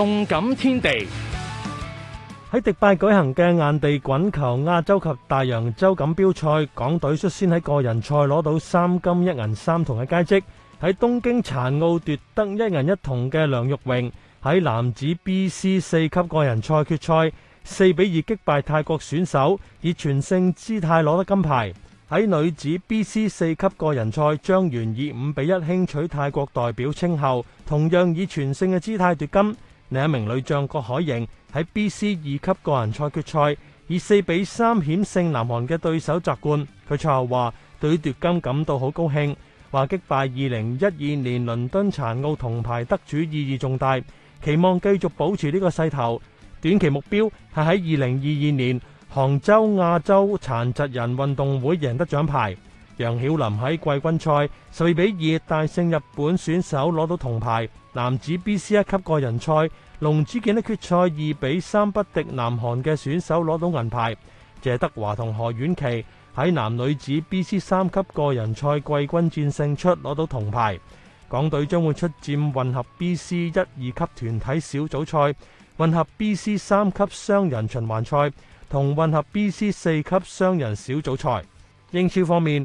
動感天地，喺迪拜舉行嘅硬地滾球亞洲及大洋洲錦標賽，港隊率先喺個人賽攞到三金一銀三銅嘅佳績。喺東京殘奧奪得一銀一銅嘅梁玉榮，喺男子 BC 四級個人賽決賽四比二擊敗泰國選手，以全勝姿態攞得金牌。喺女子 BC 四級個人賽，張元以五比一輕取泰國代表稱后，同樣以全勝嘅姿態奪金。另一名女將郭海瑩喺 B.C. 二級個人賽決賽以四比三險勝南韓嘅對手摘冠。佢賽後話：對奪金感到好高興，話擊敗2012年倫敦殘奧銅牌得主意義重大，期望繼續保持呢個勢頭。短期目標係喺2022年杭州亞洲殘疾人運動會贏得獎牌。楊曉琳喺季軍賽四比二大勝日本選手攞到銅牌。男子 B C 一級個人賽，龍子健的決賽二比三不敵南韓嘅選手，攞到銀牌。謝德華同何婉琪喺男女子 B C 三級個人賽季軍戰勝出，攞到銅牌。港隊將會出戰混合 B C 一二級團體小組賽、混合 B C 三級雙人循環賽同混合 B C 四級雙人小組賽。英超方面。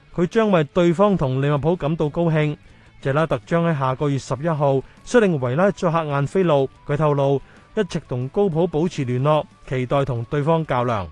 佢將為對方同利物浦感到高興。謝拉特將喺下個月十一號率領維拉作客晏菲路。佢透露一直同高普保持聯絡，期待同對方較量。